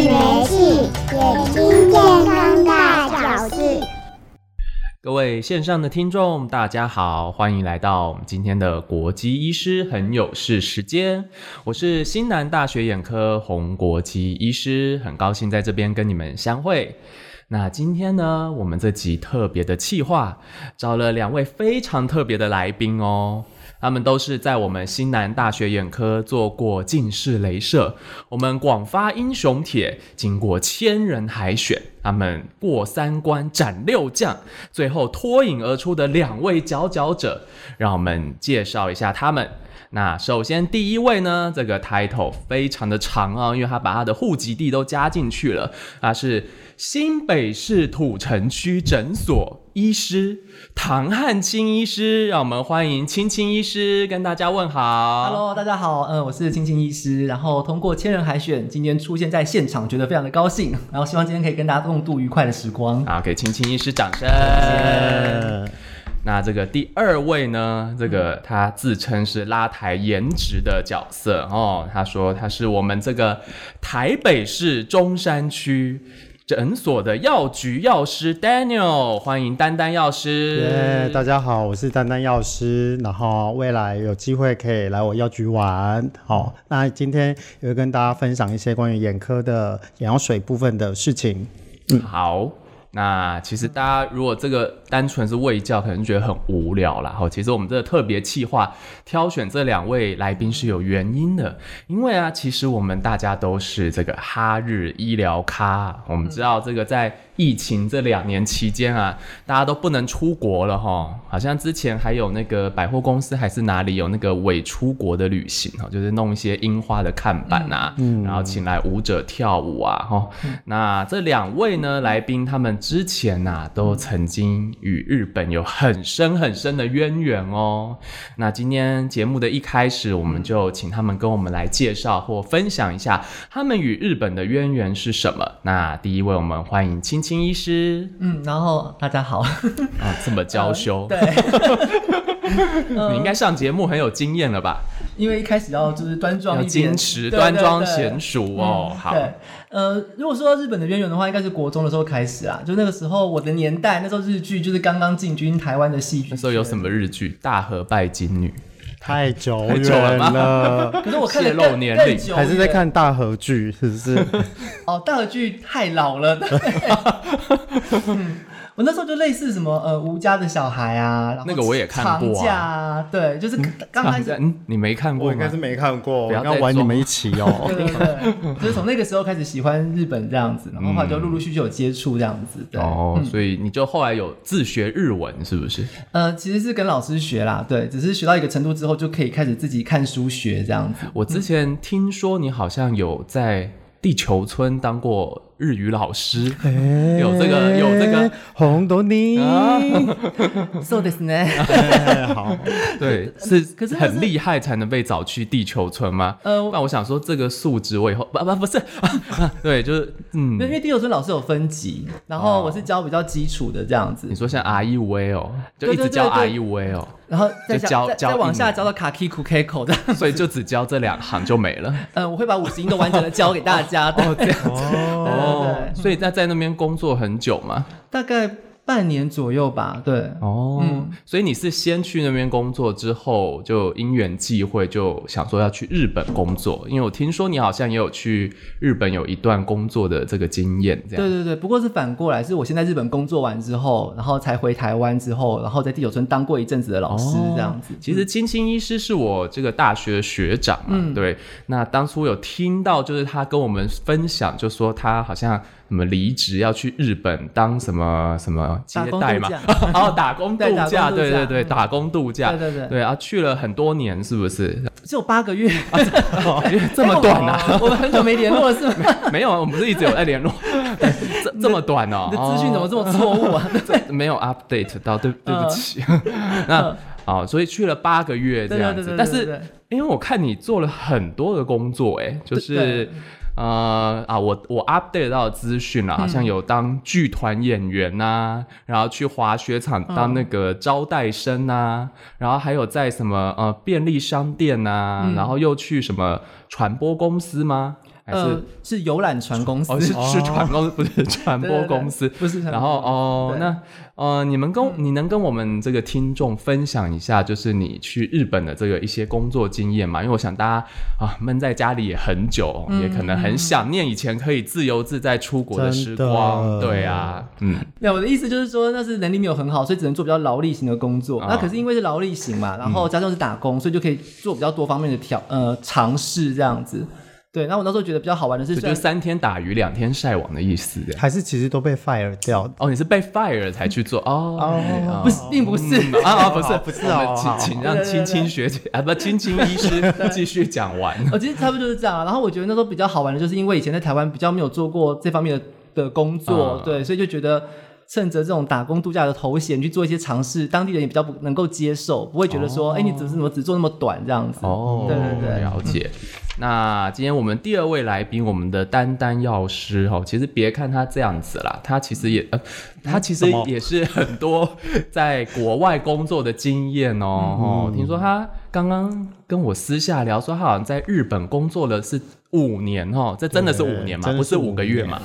學習眼睛健康大小事。各位線上的聽眾，大家好，歡迎來到我們今天的國磯醫師很有事時間。我是新南大學眼科洪國磯醫師，很高興在這邊跟你們相會。那今天呢，我們這集特別的企劃，找了兩位非常特別的來賓哦。他們都是在我們新南大學眼科做過近視雷射，我們廣發英雄帖，經過千人海選，他們過三關斬六將，最後脫穎而出的兩位佼佼者，讓我們介紹一下他們。那首先第一位呢，這個 title 非常的長啊、哦，因為他把他的戶籍地都加進去了啊，那是新北市土城區診所醫師唐漢青醫師，讓我們歡迎青青醫師跟大家問好。Hello，大家好，嗯、呃，我是青青醫師，然後通過千人海選，今天出現在現場，覺得非常的高興，然後希望今天可以跟大家共度愉快的時光。啊，給青青醫師掌聲。掌聲那這個第二位呢？這個他自稱是拉抬顏值的角色哦。他說他是我們這個台北市中山區診所的藥局藥師 Daniel，歡迎丹丹藥師。耶，yeah, 大家好，我是丹丹藥師。然後未來有機會可以來我藥局玩哦。那今天也會跟大家分享一些關於眼科的眼藥水部分的事情。嗯，好。那其實大家如果這個單純是衛教，可能覺得很無聊啦。好，其實我們這個特別企劃，挑選這兩位來賓是有原因的，因為啊，其實我們大家都是這個哈日醫療咖，我們知道這個在。疫情這兩年期間啊，大家都不能出國了哈。好像之前還有那個百貨公司還是哪裡有那個偽出國的旅行哈，就是弄一些櫻花的看板啊，嗯，然後請來舞者跳舞啊哈。那這兩位呢，來賓他們之前啊都曾經與日本有很深很深的淵源哦。那今天節目的一開始，我們就請他們跟我們來介紹或分享一下他們與日本的淵源是什麼？那第一位，我們歡迎青青。新醫師，嗯，然後大家好 啊，這麼嬌羞，呃，對， 你應該上節目很有經驗了吧？呃、因為一開始要就是端莊矜持，對對對，端莊嫻熟哦。嗯、好，對，呃，如果說到日本的淵源的話，應該是國中的時候開始啦，就那個時候我的年代，那時候日劇就是剛剛進軍台灣的戲劇，那時候有什麼日劇？大和拜金女。太久遠了，久了，可是我看了六年還是在看大河劇，是不是？哦， oh, 大河劇太老了。 我那時候就類似什麼呃，吳家的小孩啊，那個我也看過啊，啊對，就是剛，剛開始嗯，嗯，你沒看過嗎？我應該是沒看過，不要玩你們一起哦。就是從那個時候開始喜歡日本這樣子，然後，後來就陸陸續，續續有接觸這樣子。嗯、對哦，嗯、所以你就後來有自學日文是不是？呃，其實是跟老師學啦，對，只是學到一個程度之後就可以開始自己看書學這樣子。嗯、我之前聽說你好像有在地球村當過。日語老師，嗯、有這個有這個紅豆泥，說的是呢，好， 對，是可是很厲害才能被找去地球村嗎？呃，那我想說這個素質我以後不不不是， 對，就是嗯，因為地球村老師有分級，然後我是教比較基礎的這樣子。哦、你說像阿依喂哦，就一直教阿依喂哦。對對對對。然後再教，再往下教到卡基庫凱口的，所以就只教這兩行就沒了。 嗯，我會把五十音都完整的教給大家的，這樣子。哦， 對對對對，所以那在，在那邊工作很久嗎？ 大概。半年左右吧，對。哦，嗯、所以你是先去那邊工作之後，就因緣際會就想說要去日本工作，嗯、因為我聽說你好像也有去日本有一段工作的這個經驗，這樣子。對對對，不過是反過來，是我先在日本工作完之後，然後才回台灣之後，然後在第九村當過一陣子的老師，這樣子。哦嗯、其實青青醫師是我這個大學的學長嘛，嗯、對。那當初有聽到就是他跟我們分享，就說他好像，什麼離職要去日本當什麼什麼接待嘛？哦，打工度假，對對對，打工度假，對對對，對啊，去了很多年，是不是？只有八個月，這麼短啊？我們很久沒聯絡了，是嗎？沒有啊，我們不是一直有在聯絡，這麼短哦？資訊怎麼這麼錯誤啊？沒有 update 到，對對不起。那所以去了八個月這樣子，但是因為我看你做了很多的工作，就是。呃，啊，我我 update 到資訊了，好像有當劇團演員吶、啊，嗯、然後去滑雪場當那個招待生吶、啊，哦、然後還有在什麼呃便利商店吶、啊，嗯、然後又去什麼傳播公司嗎？呃，是遊覽船公司，是是船公，不是傳播公司，不是。然後哦，那呃，你們跟你能跟我們這個聽眾分享一下，就是你去日本的這個一些工作經驗嗎？因為我想大家啊，悶在家裡也很久，也可能很想念以前可以自由自在出國的時光。對啊，嗯，那我的意思就是說，那是能力沒有很好，所以只能做比較勞力型的工作。那可是因為是勞力型嘛，然後加上是打工，所以就可以做比較多方面的挑呃嘗試這樣子。對，那我那時候覺得比較好玩的是，我覺得三天打魚兩天曬網的意思，還是其實都被 fire 掉？哦，你是被 fire 才去做哦？不是，並不是啊啊，不是，不是。請請讓青青學姐啊，不，青青醫師繼續講完。哦，其實差不多就是這樣。然後我覺得那時候比較好玩的就是，因為以前在台灣比較沒有做過這方面的的工作，對，所以就覺得趁着這種打工度假的頭銜去做一些嘗試，當地人也比較不能夠接受，不會覺得說，哎，你怎麼怎麼只做那麼短這樣子。哦，對對對，了解。那今天我們第二位來賓，我們的丹丹藥師哦，其實別看他這樣子啦，他其實也呃，他其實也是很多在國外工作的經驗哦。嗯、哦，聽說他剛剛跟我私下聊說，他好像在日本工作了是。五年哦，這真的是五年嘛？對對對是嗎？不是五個月嘛？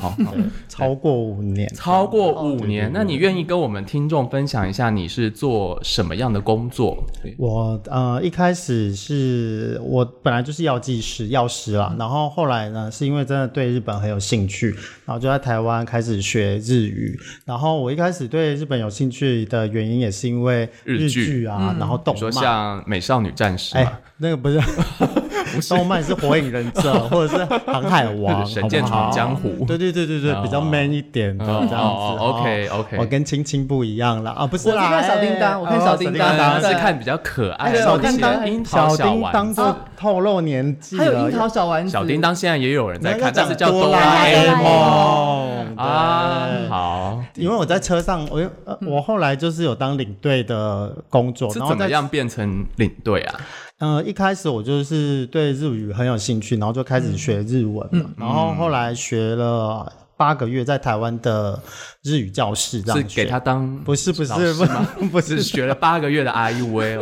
超過五年，對對超過五年。對對對對，那你願意跟我們聽眾分享一下你是做什麼樣的工作？我呃，一開始是我本來就是藥劑師、藥師啦，嗯、然後後來呢，是因為真的對日本很有興趣，然後就在台灣開始學日語。然後我一開始對日本有興趣的原因，也是因為日劇啊，劇嗯、然後動漫，比如說像《美少女戰士》啊哎、欸，那個不是。 動漫是《火影忍者》或者是《航海王》《神劍闖江湖》，對對對對對，比較 man 一點的這樣子。OK OK，我跟青青不一樣了啊，不是啦。我看小叮當，我看小叮當當然是看比較可愛。小叮當，小叮當是透露年紀。還有櫻桃小丸子。小叮當現在也有人在看，但是叫哆啦 A 夢啊。好，因為我在車上，我我後來就是有當領隊的工作。是怎麼樣變成領隊啊？嗯、呃，一開始我就是對日語很有興趣，然後就開始學日文，嗯嗯、然後後來學了八個月，在台灣的。日語教室這樣給他當不是不是不是不是學了八個月的 I U A，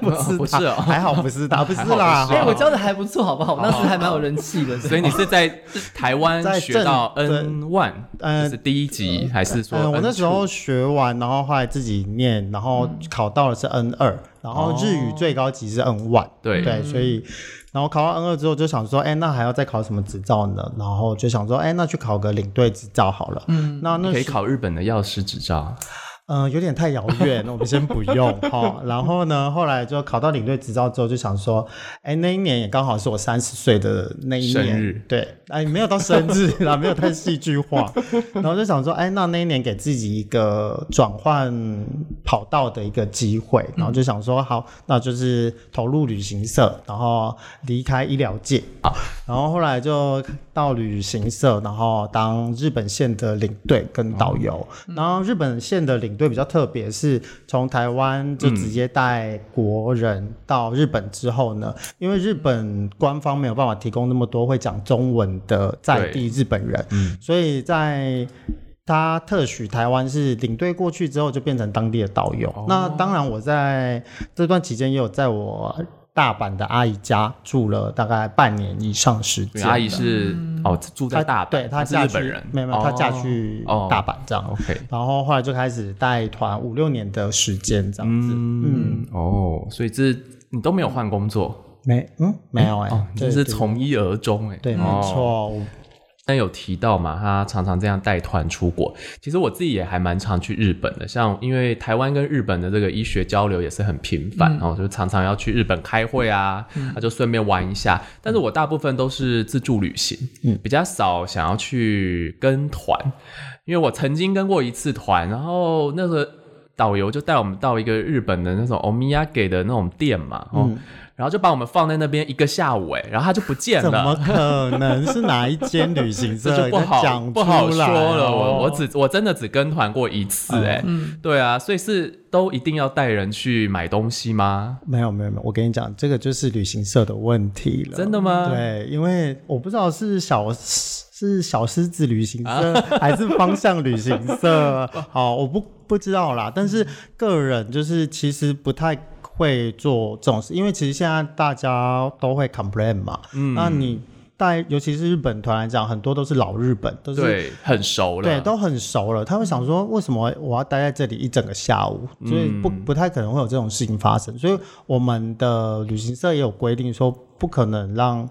不是不是哦，還好不是他，不是啦，我教的還不錯，好不好？當時還蠻有人氣的。所以你是在台灣學到 N one，嗯，第一級還是說？我那時候學完，然後後來自己念，然後考到的是 N 二，然後日語最高級是 N one，對對，所以然後考完 N 二之後就想說，哎，那還要再考什麼執照呢？然後就想說，哎，那去考個領隊執照好了。嗯，那那可以考。日本的藥師執照，嗯、呃，有點太遙遠，我們先不用哈、 哦。然後呢，後來就考到領隊執照之後，就想說，哎，那一年也剛好是我三十歲的那一年，生日。對，哎，沒有到生日啊， 沒有太戲劇化。然後就想說，哎，那那一年給自己一個轉換跑道的一個機會，然後就想說，嗯、好，那就是投入旅行社，然後離開醫療界、啊、然後後來就。到旅行社，然後當日本線的領隊跟導遊。嗯、然後日本線的領隊比較特別，是從台灣就直接帶國人到日本之後呢，嗯、因為日本官方沒有辦法提供那麼多會講中文的在地日本人，對所以在他特許台灣是領隊過去之後，就變成當地的導遊。哦、那當然，我在這段期間也有在我。大阪的阿姨家住了大概半年以上時間。阿姨是、嗯、哦，住在大阪，他對她嫁去是日本人，沒有沒有，她嫁去大阪這樣。哦哦、OK，然後後來就開始帶團五六年的時間這樣子。嗯，嗯哦，所以這你都沒有換工作，沒嗯沒有哎，這是從一而終哎、欸，對，嗯、沒錯。但有提到嘛？他常常這樣帶團出國。其實我自己也還蠻常去日本的，像因為台灣跟日本的這個醫學交流也是很頻繁，嗯、然後就常常要去日本開會啊，嗯、啊就順便玩一下。但是我大部分都是自助旅行，嗯、比較少想要去跟團，因為我曾經跟過一次團，然後那個導遊就帶我們到一個日本的那種 omiyage 的那種店嘛，嗯然後就把我們放在那邊一個下午、欸，哎，然後他就不見了。怎麼可能，是哪一間旅行社？ 這就不好講不好說了我，我、哦、我只我真的只跟團過一次、欸，哎、啊，對啊，所以是都一定要帶人去買東西嗎？沒有沒有沒有，我跟你講，這個就是旅行社的問題了。真的嗎？對，因為我不知道是小是小獅子旅行社、啊、還是方向旅行社， 好，我不不知道啦。但是個人就是其實不太。會做這種事，因為其實現在大家都會 complain 嘛，嗯，那你帶尤其是日本團來講，很多都是老日本，都是，對，很熟了，對，都很熟了。他會想說，為什麼我要待在這裡一整個下午？所以不、嗯、不太可能會有這種事情發生。所以我們的旅行社也有規定，說不可能讓。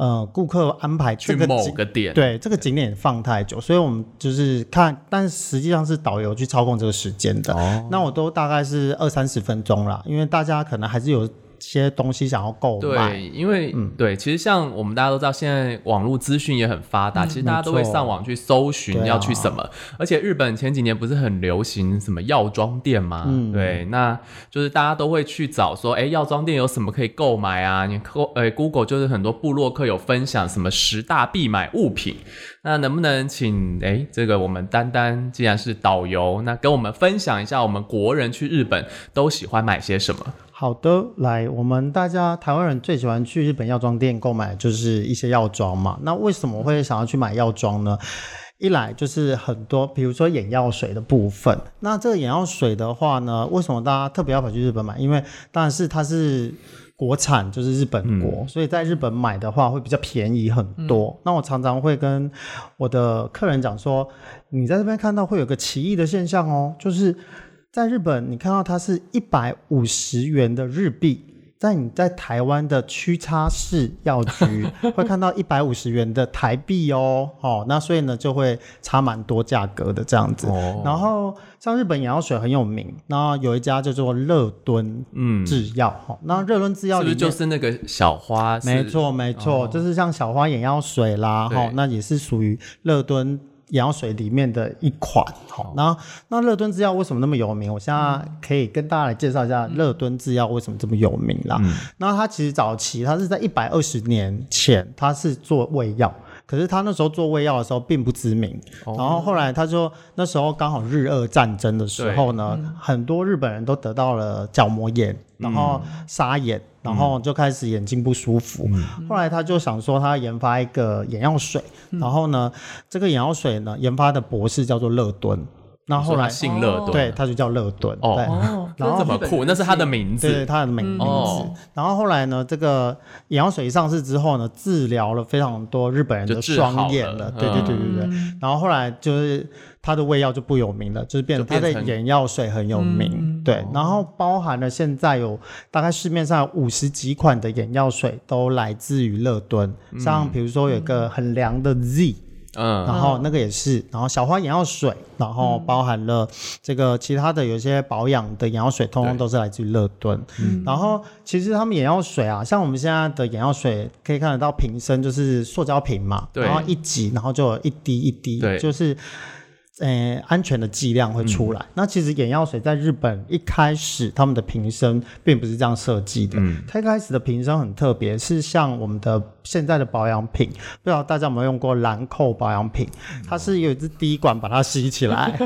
呃，顧客安排去某個點，對這個景點放太久，所以我們就是看，但實際上是導遊去操控這個時間的。哦、那我都大概是二三十分鐘啦，因為大家可能還是有。些東西想要購買，對，因為嗯，對，其實像我們大家都知道，現在網絡資訊也很發達，嗯、其實大家都會上網去搜尋要去什麼。啊、而且日本前幾年不是很流行什麼藥妝店嗎？嗯、對，那就是大家都會去找說，哎、欸，藥妝店有什麼可以購買啊？你 Go，欸、Google 就是很多部落客有分享什麼十大必買物品。那能不能請哎、欸，這個我們丹丹既然是導遊，那跟我們分享一下，我們國人去日本都喜歡買些什麼？好的，來，我們大家台灣人最喜歡去日本藥妝店購買的就是一些藥妝嘛。那為什麼會想要去買藥妝呢？一來就是很多，比如說眼藥水的部分。那這個眼藥水的話呢，為什麼大家特別要跑去日本買？因為當然是它是國產，就是日本國，嗯、所以在日本買的話會比較便宜很多。嗯、那我常常會跟我的客人講說，你在這邊看到會有個奇異的現象哦，就是。在日本，你看到它是一百五十元的日幣，在你在台灣的屈臣氏藥局會看到一百五十元的台幣哦。 哦，那所以呢就會差蠻多價格的這樣子。哦、然後像日本眼藥水很有名，那有一家叫做樂敦製藥哈。那、嗯、樂敦製藥裡是不是就是那個小花沒？沒錯沒錯，哦、就是像小花眼藥水啦哈對、哦。那也是屬於樂敦。羊水裡面的一款，好，然後那樂敦製藥為什麼那麼有名？我現在可以跟大家來介紹一下樂敦製藥為什麼這麼有名啦。那、嗯、它其實早期它是在一百二十年前，它是做胃藥。可是他那時候做胃藥的時候並不知名，哦、然後後來他就那時候剛好日俄戰爭的時候呢，嗯、很多日本人都得到了角膜炎，嗯、然後沙眼，然後就開始眼睛不舒服，嗯、後來他就想說他要研發一個眼藥水，嗯、然後呢、嗯、這個眼藥水呢研發的博士叫做樂敦。然後後來，對，他就叫樂敦，對。然後，這麼酷？那是他的名字。對，他的名名字。然後後來呢，這個眼藥水一上市之後呢，治療了非常多日本人的雙眼了。對對對對對。然後後來就是他的胃藥就不有名了，就是變成他的眼藥水很有名。對，然後包含了現在有大概市面上有五十幾款的眼藥水都來自於樂敦，像比如說有個很涼的 Z。嗯，然後那個也是，啊、然後小花眼藥水，然後包含了這個其他的有些保養的眼藥水，通通都是來自於樂敦。對然後其實他們眼藥水啊，像我們現在的眼藥水，可以看得到瓶身就是塑膠瓶嘛，對然後一擠，然後就有一滴一滴，對就是呃、欸、安全的劑量會出來。嗯、那其實眼藥水在日本一開始他們的瓶身並不是這樣設計的，嗯、它一開始的瓶身很特別，是像我們的。現在的保養品，不知道大家有沒有用過蘭蔻保養品？它是有一支滴管把它吸起來。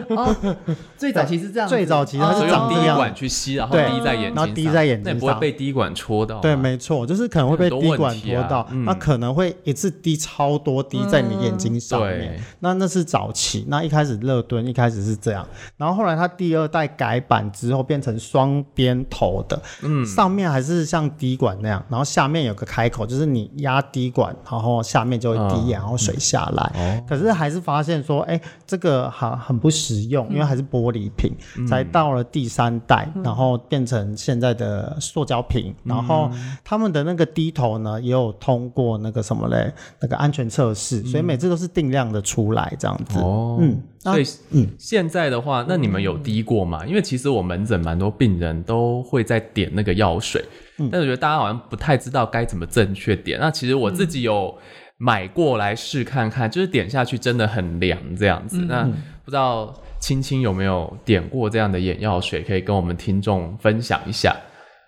最早期是這樣，最早期它是長滴管去吸，然後滴在眼睛上，然後滴在眼睛上，那不會被滴管戳到。對，沒錯，就是可能會被滴管戳到，那可能會一次滴超多滴在你眼睛上面。那那是早期，那一開始樂敦一開始是這樣，然後後來它第二代改版之後變成雙邊頭的。嗯，上面還是像滴管那樣，然後下面有個開口，就是你壓。滴管，然後下面就會滴眼，然後水下來。可是還是發現說，哎，這個很很不實用，因為還是玻璃瓶。才到了第三代，然後變成現在的塑膠瓶。然後他們的那個滴頭呢，也有通過那個什麼嘞，那個安全測試，所以每次都是定量的出來這樣子。哦，嗯，所以嗯，現在的話，那你們有滴過嗎？因為其實我門診蠻多病人都會在點那個藥水。但我覺得大家好像不太知道該怎麼正確點。嗯、那其實我自己有買過來試看看，嗯、就是點下去真的很涼這樣子。嗯、那不知道青青有沒有點過這樣的眼藥水，可以跟我們聽眾分享一下？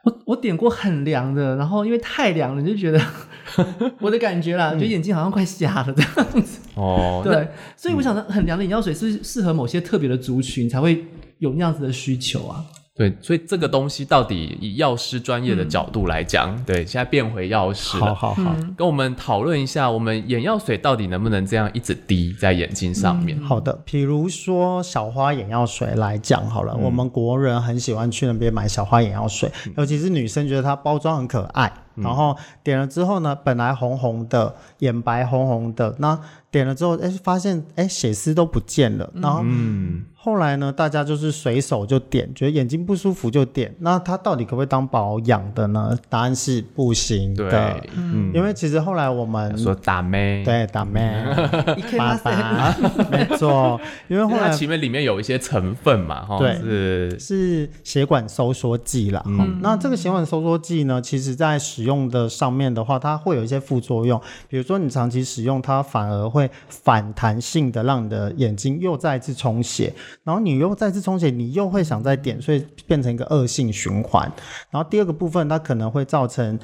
我我點過很涼的，然後因為太涼了，你就覺得 我的感覺啦，就、嗯、眼睛好像快瞎了這樣子。哦， 對，嗯、所以我想說，很涼的眼藥水是適合某些特別的族群才會有那樣子的需求啊。對，所以這個東西到底以藥師專業的角度來講，嗯、對，現在變回藥師了。好好好，跟我們討論一下，我們眼藥水到底能不能這樣一直滴在眼睛上面、嗯？好的，譬如說小花眼藥水來講，好了，嗯、我們國人很喜歡去那邊買小花眼藥水，嗯、尤其是女生，覺得它包裝很可愛。嗯、然後點了之後呢，本來紅紅的，眼白紅紅的，那點了之後，哎，發現，哎，血絲都不見了，嗯、然後。嗯後來呢，大家就是隨手就點，覺得眼睛不舒服就點。那它到底可不可以當保養的呢？答案是不行的。對，嗯，因為其實後來我們說打咩？對，打咩？嗯」妹「哈哈哈哈哈， 沒錯。因為後來因為前面裡面有一些成分嘛，對，是是血管收縮劑啦。嗯，嗯那這個血管收縮劑呢，其實在使用的上面的話，它會有一些副作用。比如說你長期使用，它反而會反彈性的讓你的眼睛又再一次充血。然後你又再次充血，你又會想再點，所以變成一個惡性循環。然後第二個部分，它可能會造成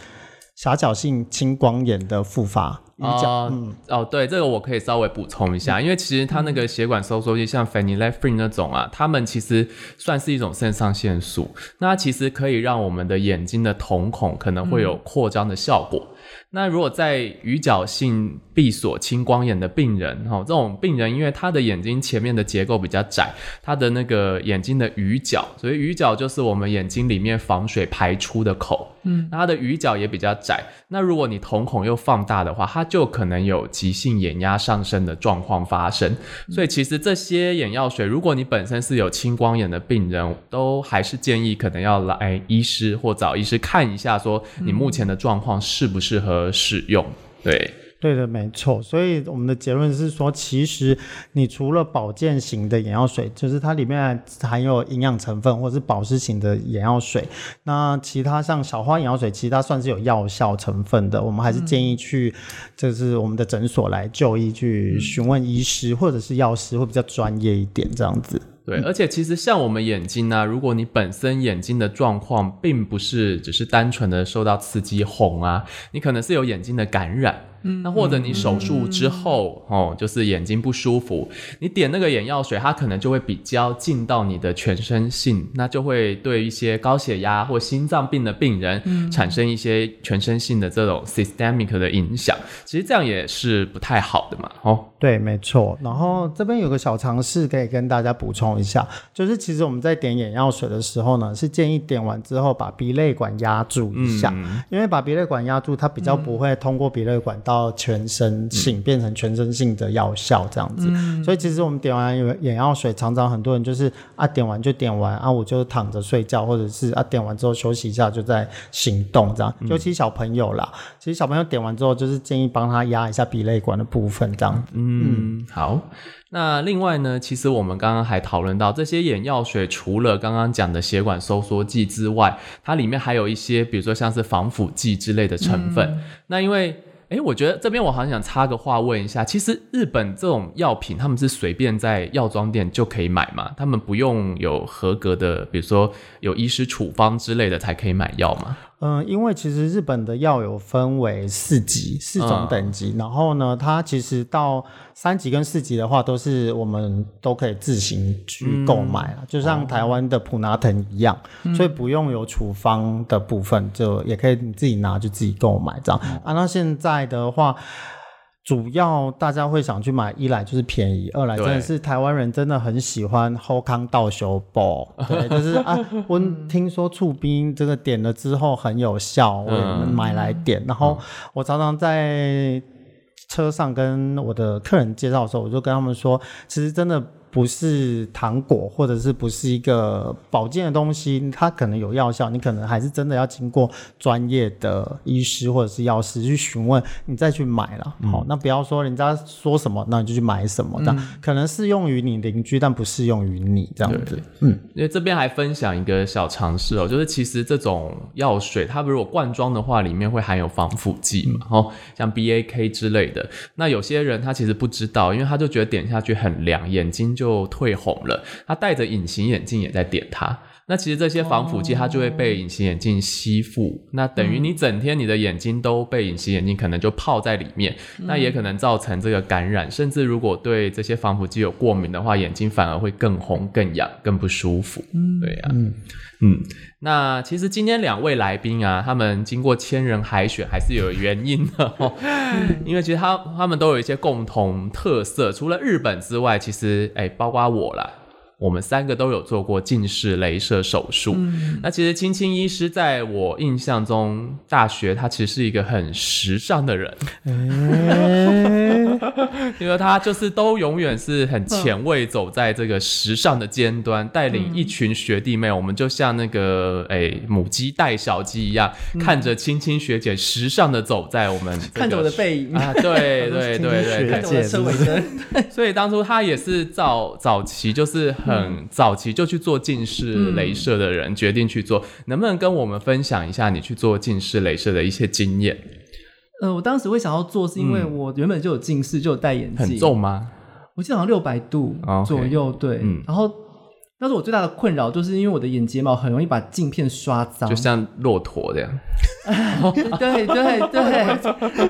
狹角性青光眼的復發。啊，呃嗯、哦，對，這個我可以稍微補充一下，嗯、因為其實它那個血管收縮就、嗯、像 phenylephrine 那種啊，它們其實算是一種腎上腺素，那它其實可以讓我們的眼睛的瞳孔可能會有擴張的效果。嗯那如果在隅角性閉鎖青光眼的病人，哈，這種病人因為他的眼睛前面的結構比較窄，他的那個眼睛的隅角，所以隅角就是我們眼睛裡面房水排出的口，嗯，那他的隅角也比較窄，那如果你瞳孔又放大的話，他就可能有急性眼壓上升的狀況發生。所以其實這些眼藥水，如果你本身是有青光眼的病人，都還是建議可能要來醫師或找醫師看一下，說你目前的狀況是不是。和使用，對，對的，沒錯。所以我們的結論是說，其實你除了保健型的眼藥水，就是它裡面含有營養成分，或者是保濕型的眼藥水，那其他像小花眼藥水，其實它算是有藥效成分的。我們還是建議去，就、嗯、是我們的診所來就醫，去詢問醫師或者是藥師，會比較專業一點，這樣子。對，而且其實像我們眼睛呢、啊，如果你本身眼睛的狀況並不是只是單純的受到刺激紅啊，你可能是有眼睛的感染。那或者你手術之後、嗯嗯、哦，就是眼睛不舒服，你點那個眼藥水，它可能就會比較進到你的全身性，那就會對一些高血壓或心臟病的病人、嗯、產生一些全身性的這種 systemic 的影響。其實這樣也是不太好的嘛，哦。對，沒錯。然後這邊有個小常識可以跟大家補充一下，就是其實我們在點眼藥水的時候呢，是建議點完之後把鼻淚管壓住一下，嗯、因為把鼻淚管壓住，它比較不會通過鼻淚管道、嗯、到。到全身性變成全身性的藥效這樣子，嗯、所以其實我們點完眼藥水，常常很多人就是啊點完就點完啊，我就躺着睡覺，或者是啊點完之後休息一下就在行動這樣。尤、嗯、其小朋友啦，其實小朋友點完之後，就是建議幫他壓一下鼻淚管的部分這樣。嗯，好。那另外呢，其實我們剛剛還討論到，這些眼藥水除了剛剛講的血管收縮劑之外，它裡面還有一些，比如說像是防腐劑之類的成分。嗯、那因為哎、欸，我覺得這邊我好像想插個話問一下，其實日本這種藥品他們是隨便在藥妝店就可以買嗎？他們不用有合格的，比如說有醫師處方之類的才可以買藥嗎？嗯，因為其實日本的藥有分為四級，四種等級，嗯、然後呢，它其實到三級跟四級的話，都是我們都可以自行去購買、嗯、就像台灣的普拿疼一樣，嗯、所以不用有處方的部分，就也可以你自己拿就自己購買這樣。啊，那現在的話。主要大家會想去買，一來就是便宜，二來真的是台灣人真的很喜歡 Hokan 到修包對,對，就是啊， 我聽說促冰這個點了之後很有效，我也買來點。嗯、然後我常常在車上跟我的客人介紹的時候，我就跟他們說，其實真的。不是糖果，或者是不是一個保健的東西，它可能有藥效，你可能還是真的要經過專業的醫師或者是藥師去詢問，你再去買了。嗯、好，那不要說人家說什麼，那你就去買什麼，那、嗯、可能適用於你鄰居，但不適用於你這樣子。對嗯，因為這邊還分享一個小常識哦，就是其實這種藥水，它如果灌裝的話，裡面會含有防腐劑嘛，嗯、哦，像 BAK 之類的。那有些人他其實不知道，因為他就覺得點下去很涼，眼睛就。就退紅了，他戴着隱形眼鏡也在點他。那其實這些防腐劑它就會被隱形眼鏡吸附，哦、那等於你整天你的眼睛都被隱形眼鏡可能就泡在裡面，嗯、那也可能造成這個感染，嗯、甚至如果對這些防腐劑有過敏的話，眼睛反而會更紅、更癢、更不舒服。對呀，嗯，那其實今天兩位來賓啊，他們經過千人海選還是有原因的、哦、 因為其實他他們都有一些共同特色，除了日本之外，其實哎、欸，包括我啦。我們三個都有做過近視雷射手術。嗯、那其實青青醫師在我印象中，大學他其實是一個很時尚的人，因為、欸、 他就是都永遠是很前衛，走在這個時尚的尖端，帶、哦、領一群學弟妹，嗯、我們就像那個哎、欸、母雞帶小雞一樣，嗯、看着青青學姐時尚的走在我們、這個，看着我的背影啊，對 對對對，青青看見了，的 所以當初他也是早早期就是很。很、嗯、早期就去做近視雷射的人，嗯、決定去做，能不能跟我們分享一下你去做近視雷射的一些經驗？呃，我當時會想要做，是因為我原本就有近視，嗯、就有戴眼鏡，很重嗎？我記得好像六百度左右，okay, 對，嗯、然後。那是我最大的困擾，就是因為我的眼睫毛很容易把鏡片刷髒，就像駱駝這樣。對對、 啊、對，對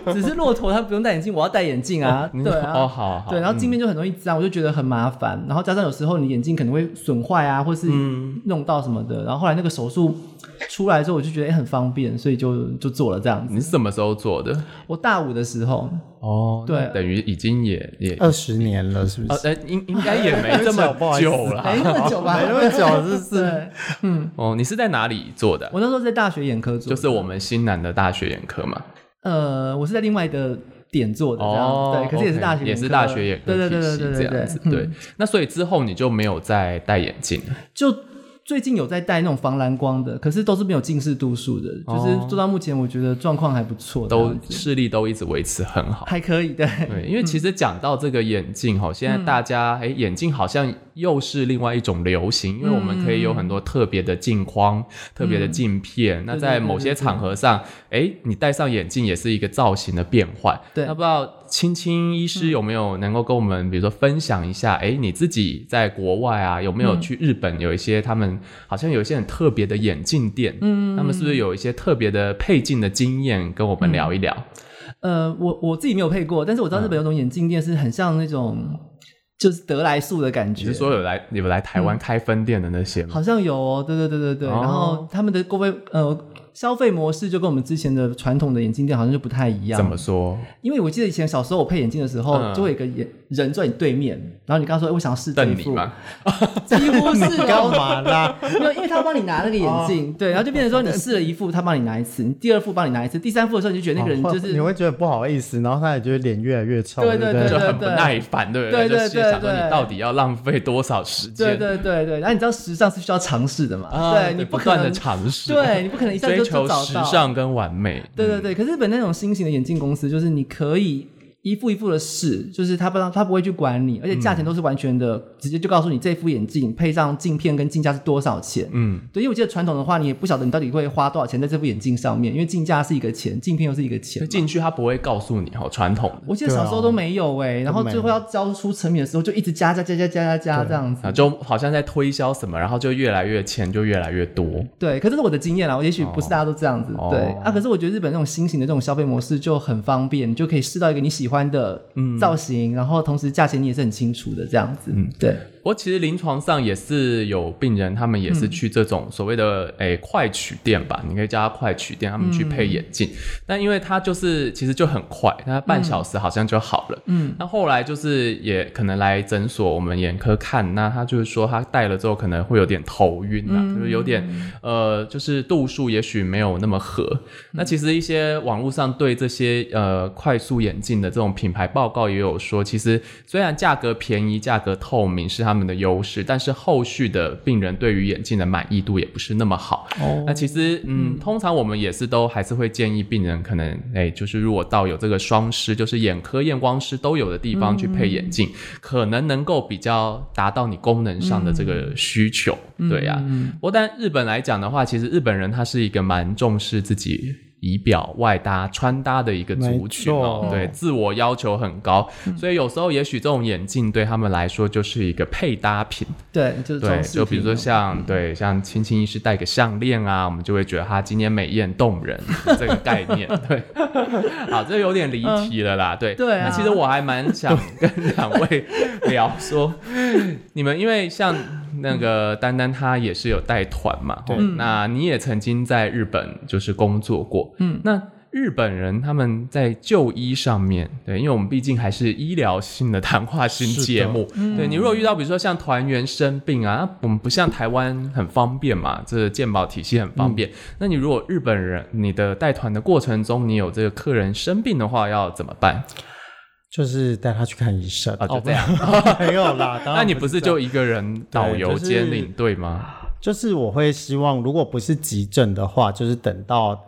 對 只是駱駝他不用戴眼鏡，我要戴眼鏡啊。哦、對啊，哦好，好，對，然後鏡片就很容易髒，嗯、我就覺得很麻煩。然後加上有時候你眼鏡可能會損壞啊，或是弄到什麼的。嗯、然後後來那個手術出來之後我就覺得很方便，所以就就做了這樣子。你是什麼時候做的？我大五的時候哦，對，等於已經也也二十年了，是不是？呃，應該也沒這麼久了，沒這麼久吧？沒這麼久是不是嗯。哦，你是在哪裡做的？我那時候在大學眼科做，就是我們新南的大學眼科嘛。呃，我是在另外的點做的這樣，對，可是也是大學眼科也是大學眼科體系，對對對對這樣子。對，那所以之後你就沒有再戴眼鏡了就。最近有在戴那種防藍光的，可是都是沒有近視度數的，哦、就是做到目前，我覺得狀況還不錯，都視力都一直維持很好，還可以的。對，對，因為其實講到這個眼鏡哈，嗯、現在大家哎、欸、眼鏡好像。又是另外一種流行，因為我們可以有很多特別的鏡框、嗯、特別的鏡片。嗯、那在某些場合上，哎、嗯欸，你戴上眼鏡也是一個造型的變換。對，那不知道青青醫師有沒有能夠跟我們，比如說分享一下，哎、嗯欸，你自己在國外啊，有沒有去日本，有一些、嗯、他們好像有一些很特別的眼鏡店？嗯，他們是不是有一些特別的配鏡的經驗，嗯、跟我們聊一聊？呃，我我自己沒有配過，但是我知道日本有種眼鏡店是很像那種。就是得來速的感覺，你是說有來有來台灣開分店的那些嗎？嗯、好像有哦，對對對對對，哦、然後他們的各位呃。消費模式就跟我們之前的傳統的眼鏡店好像就不太一樣。怎麼說？因為我記得以前小時候我配眼鏡的時候，就會有個眼人坐在你對面，然後你剛說“我想要試這一副”，幾乎是幹嘛啦，因為他幫你拿那個眼鏡，對，然後就變成說你試了一副，他幫你拿一次，你第二副幫你拿一次，第三副的時候你就覺得那個人就是你會覺得不好意思，然後他也覺得臉越來越臭，對對對，就很不耐煩，對不對？就是想說你到底要浪費多少時間？對對對對，然後你知道時尚是需要嘗試的嘛？對你不斷的嘗試，對你不可能一下子就。求時尚跟完美，對對對。可是日本那種新型的眼鏡公司，就是你可以，一副一副的試，就是他不他不會去管你，而且價錢都是完全的，嗯、直接就告訴你這副眼鏡配上鏡片跟鏡架是多少錢。嗯，對，因為我記得傳統的話，你也不曉得你到底會花多少錢在這副眼鏡上面，因為鏡架是一個錢，鏡片又是一個錢，進去他不會告訴你。哦，傳統我記得小時候都沒有哎、欸，啊、然後最後要交出成品的時候，就一直加加加加加加加這樣子，就好像在推銷什麼，然後就越來越錢就越來越多。對，可是這是我的經驗啦，我也許不是大家都這樣子。哦、對啊，可是我覺得日本這種新型的這種消費模式就很方便，你就可以試到一個你喜歡喜歡的造型，嗯、然後同時價錢你也是很清楚的這樣子，嗯、對。我其實臨床上也是有病人，他們也是去這種所謂的哎、嗯、快取店吧，你可以叫他快取店，他們去配眼鏡。嗯、但因為他就是其實就很快，他半小時好像就好了。嗯。那後來就是也可能來診所我們眼科看、啊，那他就是說他戴了之後可能會有點頭暈啊，嗯、就是有點呃，就是度數也許沒有那麼合。嗯、那其實一些網絡上對這些呃快速眼鏡的這種品牌報告也有說，其實雖然價格便宜、價格透明，是他。他們的優勢，但是後續的病人對於眼鏡的滿意度也不是那麼好。哦、那其實，嗯，嗯通常我們也是都還是會建議病人，可能哎、欸，就是如果到有這個雙師，就是眼科驗光師都有的地方去配眼鏡，嗯嗯可能能夠比較達到你功能上的這個需求。嗯、對呀、啊，不過但日本來講的話，其實日本人他是一個蠻重視自己。儀表外搭穿搭的一個族群，哦，哦、對自我要求很高，嗯、所以有時候也許這種眼鏡對他們來說就是一個配搭品。對，就、嗯、就比如說像、嗯、對像青青醫師戴個項鏈啊，我們就會覺得他今天美艷動人這個概念 對。好，這有點離題了啦。嗯、對，那、啊啊、其實我還蠻想跟兩位聊說， 你們因為像。那個丹丹他也是有帶團嘛，對那你也曾經在日本就是工作過，嗯、那日本人他們在就醫上面，對，因為我們畢竟還是醫療性的談話性節目，嗯、對，你如果遇到比如說像團員生病啊，我們不像台灣很方便嘛，這個、健保體系很方便，嗯、那你如果日本人你的帶團的過程中你有這個客人生病的話，要怎麼辦？就是帶他去看醫生啊，就這樣沒有啦。那你不是就一個人導遊兼領隊嗎？就是我會希望，如果不是急診的話，就是等到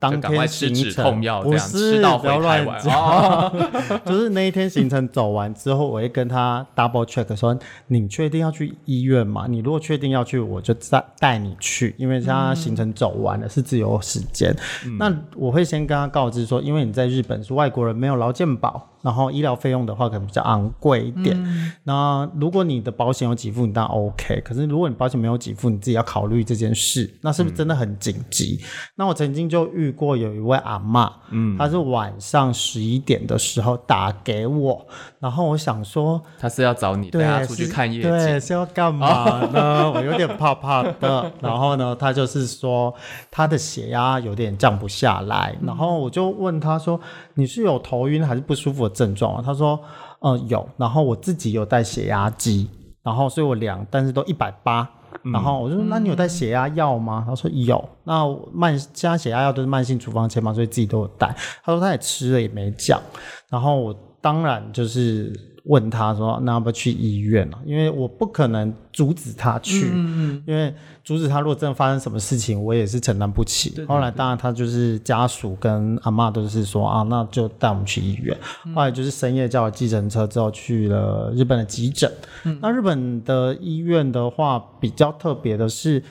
當天行程，不是不要亂講。就是那一天行程走完之後，我會跟他 double check 說：“你確定要去醫院嗎？你如果確定要去，我就帶帶你去。”因為他行程走完了是自由時間，那我會先跟他告知說：“因為你在日本是外國人，沒有勞健保。”然後醫療費用的話可能比較昂貴一點。嗯、那如果你的保險有給付，你當然 OK。可是如果你保險沒有給付，你自己要考慮這件事。那是不是真的很緊急？嗯、那我曾經就遇過有一位阿媽，嗯，她是晚上十一點的時候打給我，然後我想說，他是要找你，對，他出去看夜景，對，是要幹嘛呢？哦、我有點怕怕的。 然後呢，他就是說他的血壓有點降不下來，嗯、然後我就問他說。你是有頭暈還是不舒服的症狀啊？他說，嗯、呃，有。然後我自己有帶血壓計，然後所以我量，但是都一百八。然後我就說，那你有帶血壓藥嗎？他說有。那慢，加血壓藥都是慢性處方箋嘛，所以自己都有帶。他說他也吃了，也沒降。然後我當然就是。問他說：“那不去醫院、啊、因為我不可能阻止他去，嗯嗯嗯因為阻止他，如果真的發生什麼事情，我也是承擔不起，對對對，後來，當然他就是家屬跟阿媽都是說啊，那就帶我們去醫院。嗯、後來就是深夜叫了計程車，之後去了日本的急診。嗯、那日本的醫院的話，比較特別的是。”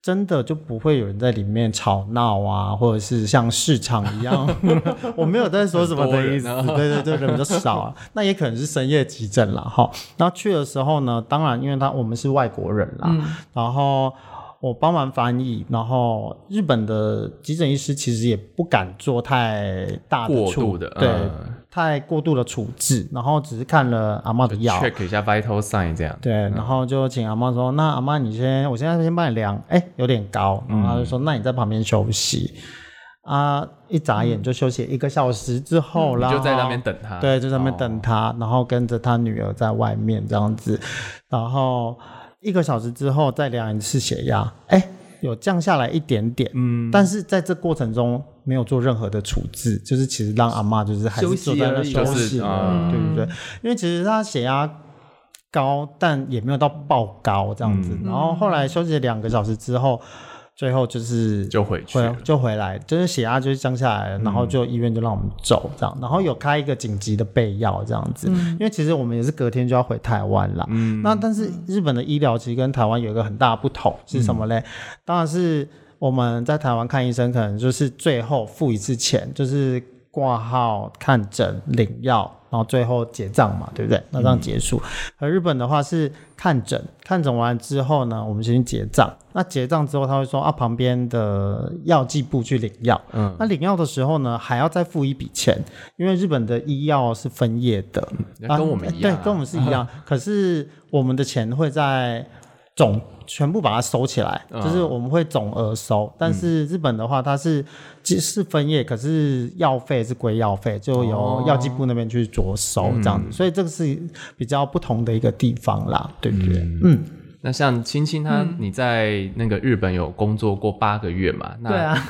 真的就不會有人在裡面吵鬧啊，或者是像市場一樣， 我沒有在說什麼的意思。啊、對對對，就人比較少啊， 那也可能是深夜急診啦。哈。那去的時候呢，當然因為他我們是外國人啦，嗯、然後，我幫忙翻譯，然後日本的急診醫師其實也不敢做太大的過度的，嗯、對，太過度的處置，然後只是看了阿嬤的藥，check 一下 vital sign 這樣，對，嗯、然後就請阿嬤說：“那阿嬤你先，我現在先幫你量，哎、欸，有點高。”然後他就說：“嗯、那你在旁邊休息啊。”一眨眼就休息一個小時之後，嗯、然後就在那邊等他，對，就在那邊等他，哦、然後跟着他女兒在外面這樣子，然後。一個小時之後再量一次血壓，哎、欸，有降下來一點點，嗯，但是在這過程中沒有做任何的處置，嗯、就是其實讓阿媽就是還是坐在那裡休息、就是，嗯、對對對，因為其實他血壓高，但也沒有到爆高這樣子，嗯、然後後來休息了兩個小時之後。嗯嗯最後就是回就回去，就回來，就是血壓就降下來了，嗯、然後就醫院就讓我們走這樣，然後有開一個緊急的備藥這樣子，嗯、因為其實我們也是隔天就要回台灣了，嗯、那但是日本的醫療其實跟台灣有一個很大的不同是什麼嘞？嗯、當然是我們在台灣看醫生，可能就是最後付一次錢，就是掛號看診、看診、領藥。然後最後結賬嘛，對不對？那這樣結束。嗯、而日本的話是看診，看診完之後呢，我們先去結賬。那結賬之後，他會說啊，旁邊的藥劑部去領藥。嗯，那領藥的時候呢，還要再付一筆錢，因為日本的醫藥是分業的，跟我們一樣、啊啊。對，跟我們是一樣。 可是我們的錢會在。總全部把它收起來，哦、就是我們會總額收，但是日本的話，它是、嗯、是分業，可是藥費是歸藥費，就由藥劑部那邊去着收這樣子，哦嗯、所以這個是比較不同的一個地方啦，對不對？嗯。嗯那像青青她，你在那個日本有工作過八個月嘛？嗯、那對啊。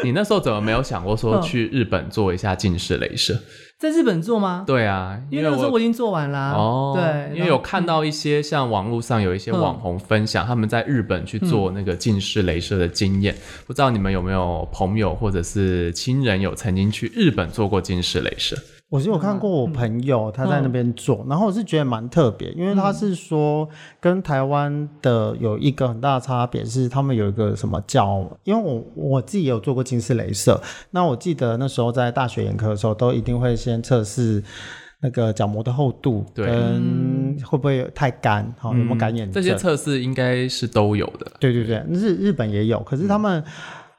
你那時候怎麼沒有想過說去日本做一下近視雷射？ 哦、在日本做嗎？對啊，因為,我因為那時候我已經做完了、啊。哦。對，因為有看到一些像網絡上有一些網紅分享他們在日本去做那個近視雷射的經驗，嗯、不知道你們有沒有朋友或者是親人有曾經去日本做過近視雷射？我是有看過我朋友他在那邊做，嗯嗯、然後我是覺得蠻特別，嗯、因為他是說跟台灣的有一個很大的差別是，他們有一個什麼叫？因為我我自己也有做過近視雷射，那我記得那時候在大學眼科的時候，都一定會先測試那個角膜的厚度，嗯，會不會太乾，嗯、有沒有乾眼症、嗯，這些測試應該是都有的。對對對，日日本也有，可是他們。嗯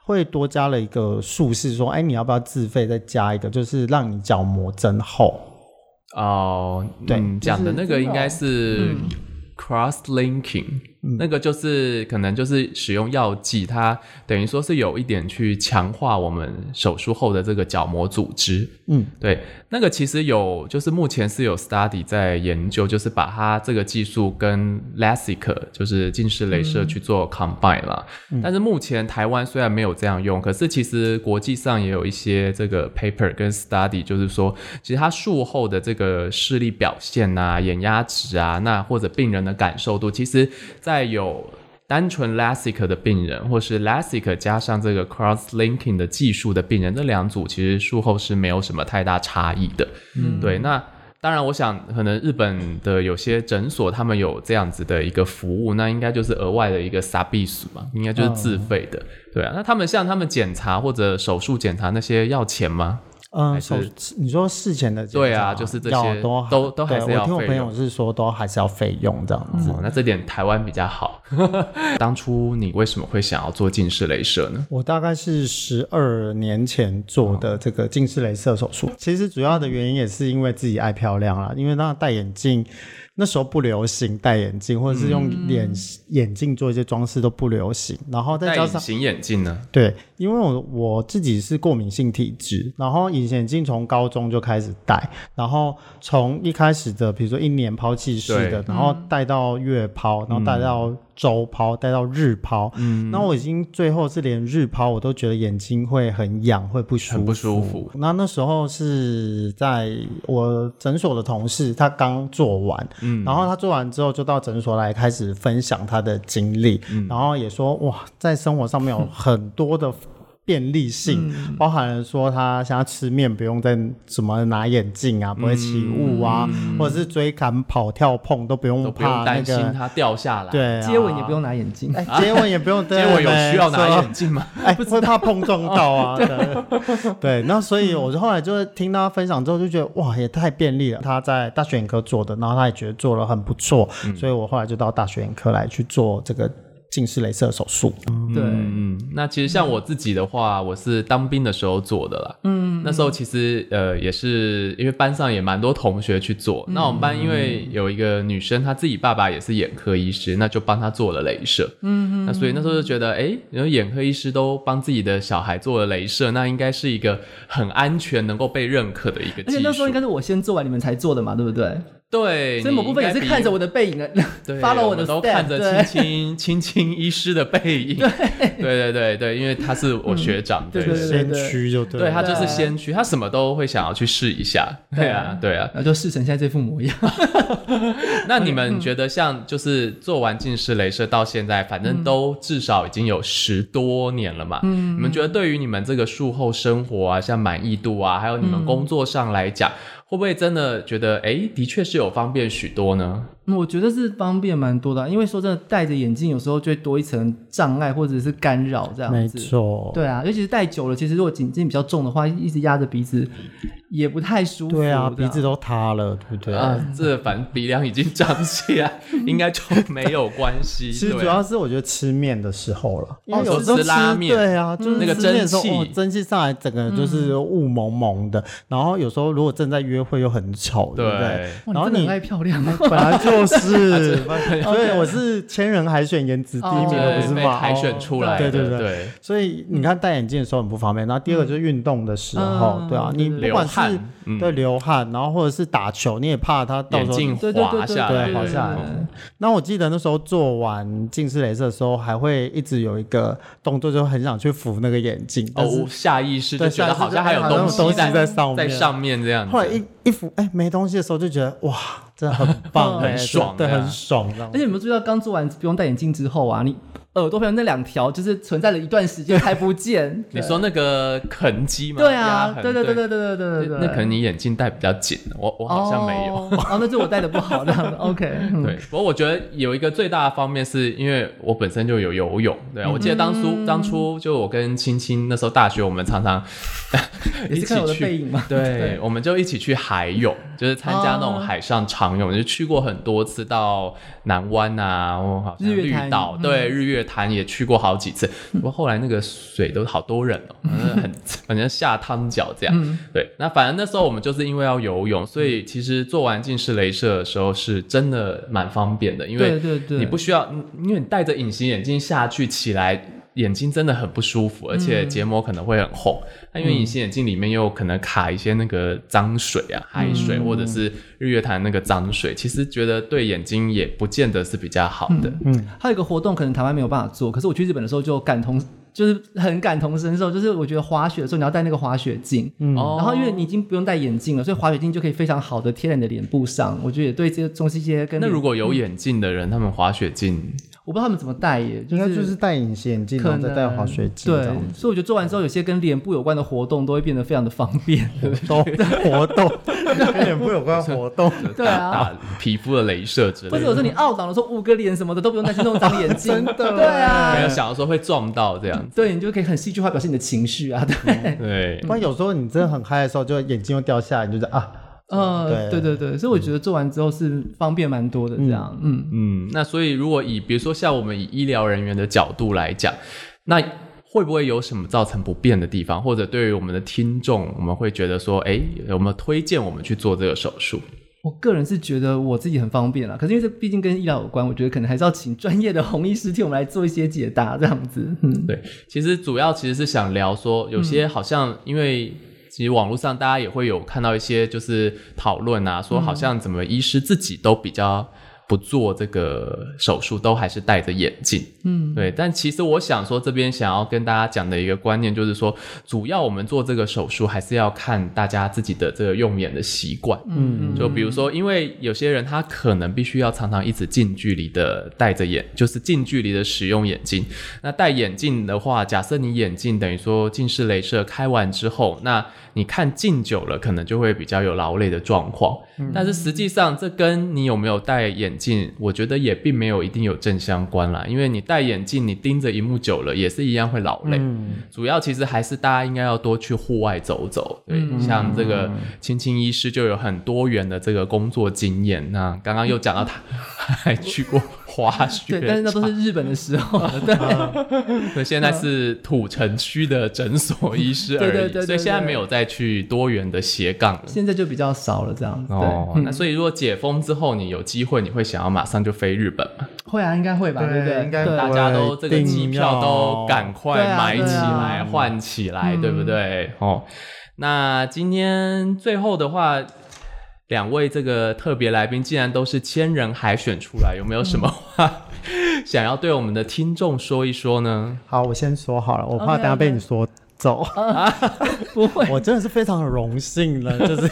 會多加了一個術式，說，哎、欸，你要不要自費再加一個，就是讓你角膜增厚。哦、呃，對，講、就是、的那個應該是 cross linking。那個就是可能就是使用藥劑，它等於說是有一點去強化我們手術後的這個角膜組織。嗯，對，那個其實有，就是目前是有 study 在研究，就是把它這個技術跟 LASIK，就是近視雷射去做 combine 了。嗯嗯，但是目前台灣雖然沒有這樣用，可是其實國際上也有一些這個 paper 跟 study，就是說其實它術後的這個視力表現啊、眼壓值啊，那或者病人的感受度，其實在。再有單純 LASIK 的病人，或是 LASIK 加上這個 cross linking 的技術的病人，這兩組其實術後是沒有什麼太大差異的。嗯，對。那當然，我想可能日本的有些診所他們有這樣子的一個服務，那應該就是額外的一個サービス嘛，應該就是自費的。哦、對啊，那他們像他們檢查或者手術檢查那些要錢嗎？嗯是手，你說事前的，對啊，就是這些都都還，都都還，我聽我朋友是說都還是要費用這樣子，嗯、那這點台灣比較好。 當初你為什麼會想要做近視雷射呢？我大概是十二年前做的這個近視雷射手術，嗯、其實主要的原因也是因為自己愛漂亮啦，因為那戴眼鏡，那時候不流行戴眼鏡，或者是用、嗯、眼眼鏡做一些裝飾都不流行，然後再加上戴隱形眼鏡呢，對。因為我我自己是過敏性體質，然後隱形眼鏡從高中就開始戴，然後從一開始的比如說一年拋棄式的，對然後戴到月拋，嗯、然後戴到周拋，戴到日拋，嗯，那我已經最後是連日拋我都覺得眼睛會很癢，會不舒服，很不舒服。那那時候是在我診所的同事，他剛做完，嗯，然後他做完之後就到診所來開始分享他的經歷，嗯，然後也說哇，在生活上面有很多的。便利性，包含說，他想要吃麵不用再怎麼拿眼鏡啊，不會起霧啊，或者是追趕、跑跳、碰都不用怕，擔心它掉下來，接吻也不用拿眼鏡，接吻也不用，接吻有需要拿眼鏡嗎？哎，不是怕碰撞到啊。對，那所以我就後來就是聽他分享之後，就覺得哇，也太便利了。他在大學眼科做的，然後他也覺得做的很不錯，所以我後來就到大學眼科來去做這個。近視雷射手術，嗯、對，嗯，那其實像我自己的話，嗯、我是當兵的時候做的啦，嗯，那時候其實，呃，也是因為班上也蠻多同學去做，嗯、那我們班因為有一個女生，她自己爸爸也是眼科醫師，那就幫她做了雷射，嗯，嗯，那所以那時候就覺得，誒、欸、有眼科醫師都幫自己的小孩做了雷射，那應該是一個很安全、能夠被認可的一個，而且那時候應該是我先做完，你們才做的嘛，對不對？對，所以某部分也是看着我的背影。對，follow 我的。都看着青青青青醫師的背影。對對對對對，因為他是我學長，對對對對，先驅就對，對他就是先驅，他什麼都會想要去試一下。對啊對啊，那就試成現在這副模樣。那你們覺得像就是做完近視雷射到現在，反正都至少已經有十多年了嘛。嗯。你們覺得對於你們這個術後生活啊，像滿意度啊，還有你們工作上來講？會不會真的覺得，哎，的確是有方便許多呢？我覺得是方便蠻多的，啊，因為說真的，戴着眼鏡有時候就會多一層障礙或者是干擾這樣子。沒錯。對啊，尤其是戴久了，其實如果眼鏡比較重的話，一直壓着鼻子也不太舒服，啊。對啊，鼻子都塌了，對不對？啊，這反正鼻樑已經長起來應該就沒有關係。其實主要是我覺得吃麵的時候了， 因為有時候吃拉麵，對啊，就是那個蒸氣，哦，蒸汽上來整個就是霧蒙蒙的。嗯、然後有時候如果正在約會又很醜，對不對？然後你愛漂亮了，本來就。就是，所以我是千人海選顏值第一名的，不是嗎？海選出來，對對對對。所以你看戴眼鏡的時候很不方便，然後第二個就是運動的時候，對啊，你不管是對流汗，然後或者是打球，你也怕它到時候滑下來。對，滑下來。那我記得那時候做完近視雷射的時候，還會一直有一個動作，就很想去扶那個眼鏡，哦，下意識就覺得好像還有東西在上面，在上面這樣。後來一一扶，哎，沒東西的時候就覺得哇。真的很棒， 很爽的，啊、對，很爽，啊、而且你們有注意到剛做完不用戴眼鏡之後啊，你。耳朵還有那兩條，就是存在了一段時間還不見。你說那個痕跡嗎？對啊，對對對對對對對對。那可能你眼鏡戴比較緊，我我好像沒有。哦，那是我戴的不好，這樣 OK。對，不過我覺得有一個最大的方面，是因為我本身就有游泳。對啊，我記得當初當初就我跟青青那時候大學，我們常常一起去。看我的背影嘛。對，我們就一起去海泳，就是參加那種海上長泳，就去過很多次，到南灣啊，哦好像綠島，對，日月潭也去過好幾次，不過後來那個水都好多人哦，嗯、很反正下湯腳這樣。嗯、對，那反正那時候我們就是因為要游泳，所以其實做完近視雷射的時候是真的蠻方便的，因為你不需要，對對對，因為你戴着隱形眼鏡下去起來。眼睛真的很不舒服，而且結膜可能會很厚。那、嗯、因為隱形眼鏡裡面又可能卡一些那個髒水啊、海、嗯、水，或者是日月潭那個髒水，嗯、其實覺得對眼睛也不見得是比較好的。嗯，還、嗯、有一個活動可能台灣沒有辦法做，可是我去日本的時候就感同，就是很感同身受，就是我覺得滑雪的時候你要戴那個滑雪鏡，嗯，然後因為你已經不用戴眼鏡了，所以滑雪鏡就可以非常好的貼在你的臉部上。我覺得也對這些，中西一些跟那如果有眼鏡的人，嗯、他們滑雪鏡。我不知道他們怎麼戴耶，就是戴隱形眼鏡，再戴滑雪鏡，對。所以我覺得做完之後，有些跟臉部有關的活動都會變得非常的方便，活動，活動跟臉部有關的活動，對啊，皮膚的鐳射之類。或者時候你懊惱的時候，捂個臉什麼的都不用再去弄張眼鏡，真的，對啊，沒有想的時候會撞到這樣。對，你就可以很戲劇化表示你的情緒啊，對。對，不然有時候你真的很嗨的時候，就眼睛又掉下來，你就說啊。呃，對對對，所以我覺得做完之後是方便蠻多的這樣，嗯嗯。嗯嗯，那所以如果以比如說像我們以醫療人員的角度來講，那會不會有什麼造成不便的地方，或者對於我們的聽眾，我們會覺得說，哎，有沒有推薦我們去做這個手術？我個人是覺得我自己很方便啦，可是因為這畢竟跟醫療有關，我覺得可能還是要請專業的紅醫師替我們來做一些解答這樣子。嗯，對，其實主要其實是想聊說，有些好像因為。嗯其實網絡上大家也會有看到一些，就是討論啊，嗯，說好像怎麼醫師自己都比較。不做這個手術，都還是戴着眼鏡，嗯，對。但其實我想說，這邊想要跟大家講的一個觀念，就是說，主要我們做這個手術，還是要看大家自己的這個用眼的習慣。嗯，嗯，就比如說，因為有些人他可能必須要常常一直近距離的戴着眼，就是近距離的使用眼鏡。那戴眼鏡的話，假設你眼鏡等於說近視雷射開完之後，那你看近久了，可能就會比較有勞累的狀況。但是實際上，這跟你有沒有戴眼鏡，我覺得也並沒有一定有正相關啦。因為你戴眼鏡，你盯着熒幕久了也是一樣會勞累。主要其實還是大家應該要多去戶外走走。對，像這個青青醫師就有很多元的這個工作經驗，那剛剛又講到他，還去過。滑雪，但是那都是日本的時候對，對，所以現在是土城區的診所醫師而已，所以現在沒有再去多元的斜槓了。現在就比較少了這樣子。哦，那所以如果解封之後，你有機會，你會想要馬上就飛日本嗎？會啊，應該會吧？對對，應該大家都這個機票都趕快買起來、換起來，對不對？哦，那今天最後的話。兩位這個特別來賓竟然都是千人海選出來，有沒有什麼話想要對我們的聽眾說一說呢？好，我先說好了，我怕等下被你說。Okay, okay. 走、啊、 不會，我真的是非常的榮幸了，就是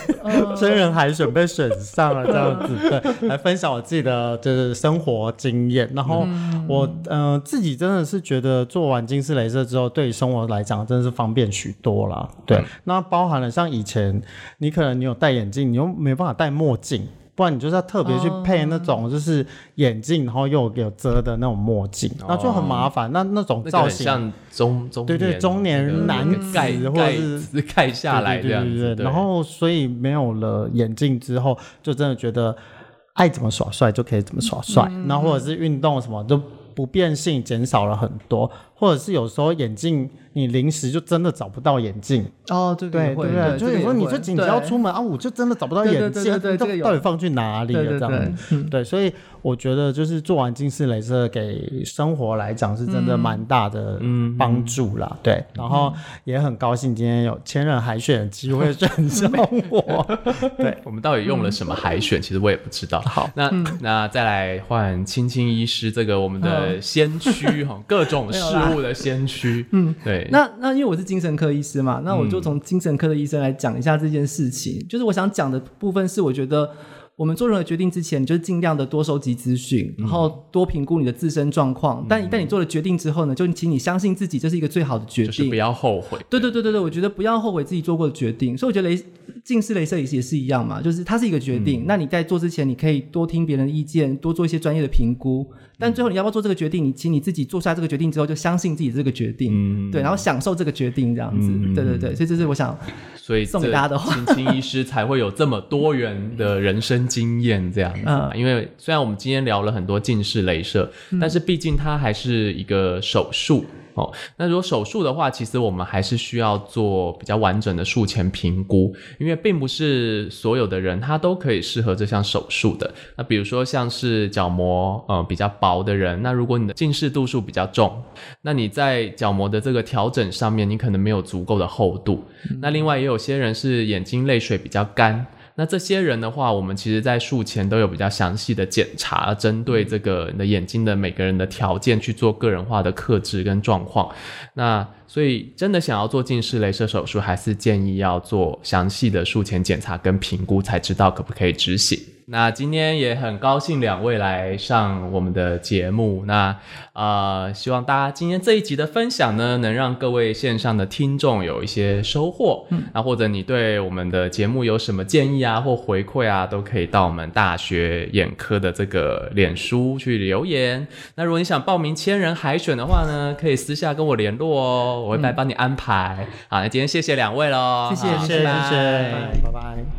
真 人海選被選上了這樣子， 對，來分享我自己的就是生活經驗。然後我嗯、呃、自己真的是覺得做完近視雷射之後，對於生活來講真的是方便許多啦。對，嗯、那包含了像以前你可能你有戴眼鏡，你又沒辦法戴墨鏡。不然你就是要特別去配那種就是眼鏡，然後又有遮的那種墨鏡，那、哦、就很麻煩。那那種造型像中中、哦、對對，對中年男子，或者是蓋、嗯、下來對，對對對。然後所以沒有了眼鏡之後，就真的覺得愛怎麼耍帥就可以怎麼耍帥，嗯、然後或者是運動什麼都不便性減少了很多。或者是有時候眼鏡你臨時就真的找不到眼鏡哦，對對對，就是有時候你就緊急要出門啊，我就真的找不到眼鏡，你到底放去哪裡了這樣，對，所以我覺得就是做完近視雷射給生活來講是真的蠻大的幫助啦。對，然後也很高興今天有千人海選的機會認上我。對，我們到底用了什麼海選？其實我也不知道。好，那那再來換青青醫師這個我們的先驅哈，各種事。的先驅， 嗯，對，那那因為我是精神科醫師嘛，那我就從精神科的醫生來講一下這件事情。嗯、就是我想講的部分是，我覺得我們做任何決定之前，就盡量的多收集資訊，然後多評估你的自身狀況。嗯、但一旦你做了決定之後呢，就請你相信自己，這是一個最好的決定，就是不要後悔。對對對對對，我覺得不要後悔自己做過的決定。所以我覺得雷、近視雷射也是也是一樣嘛，就是它是一個決定。嗯、那你在做之前，你可以多聽別人的意見，多做一些專業的評估。但最後你要不要做這個決定？你請你自己做下這個決定之後，就相信自己這個決定，嗯、對，然後享受這個決定這樣子，嗯、對對對。所以這是我想，所以送給大家的話，青青醫師，才會有這麼多元的人生經驗這樣子。嗯，因為雖然我們今天聊了很多近視雷射，嗯、但是畢竟它還是一個手術。哦，那如果手術的話，其實我們還是需要做比較完整的術前評估，因為並不是所有的人他都可以適合這項手術的。那比如說像是角膜，呃，比較薄的人，那如果你的近視度數比較重，那你在角膜的這個調整上面你可能沒有足夠的厚度。嗯。那另外也有些人是眼睛淚水比較乾。那這些人的話，我們其實在術前都有比較詳細的檢查，針對這個你的眼睛的每個人的條件去做個人化的客製跟狀況。那所以，真的想要做近視雷射手術，還是建議要做詳細的術前檢查跟評估，才知道可不可以執行。那今天也很高興兩位來上我們的節目。那啊、呃，希望大家今天這一集的分享呢，能讓各位線上的聽眾有一些收穫。嗯，那或者你對我們的節目有什麼建議啊，或回饋啊，都可以到我們大學眼科的這個臉書去留言。那如果你想報名千人海選的話呢，可以私下跟我聯絡哦，我會來幫你安排。嗯、好，那今天謝謝兩位嘍，謝謝，拜拜，拜拜。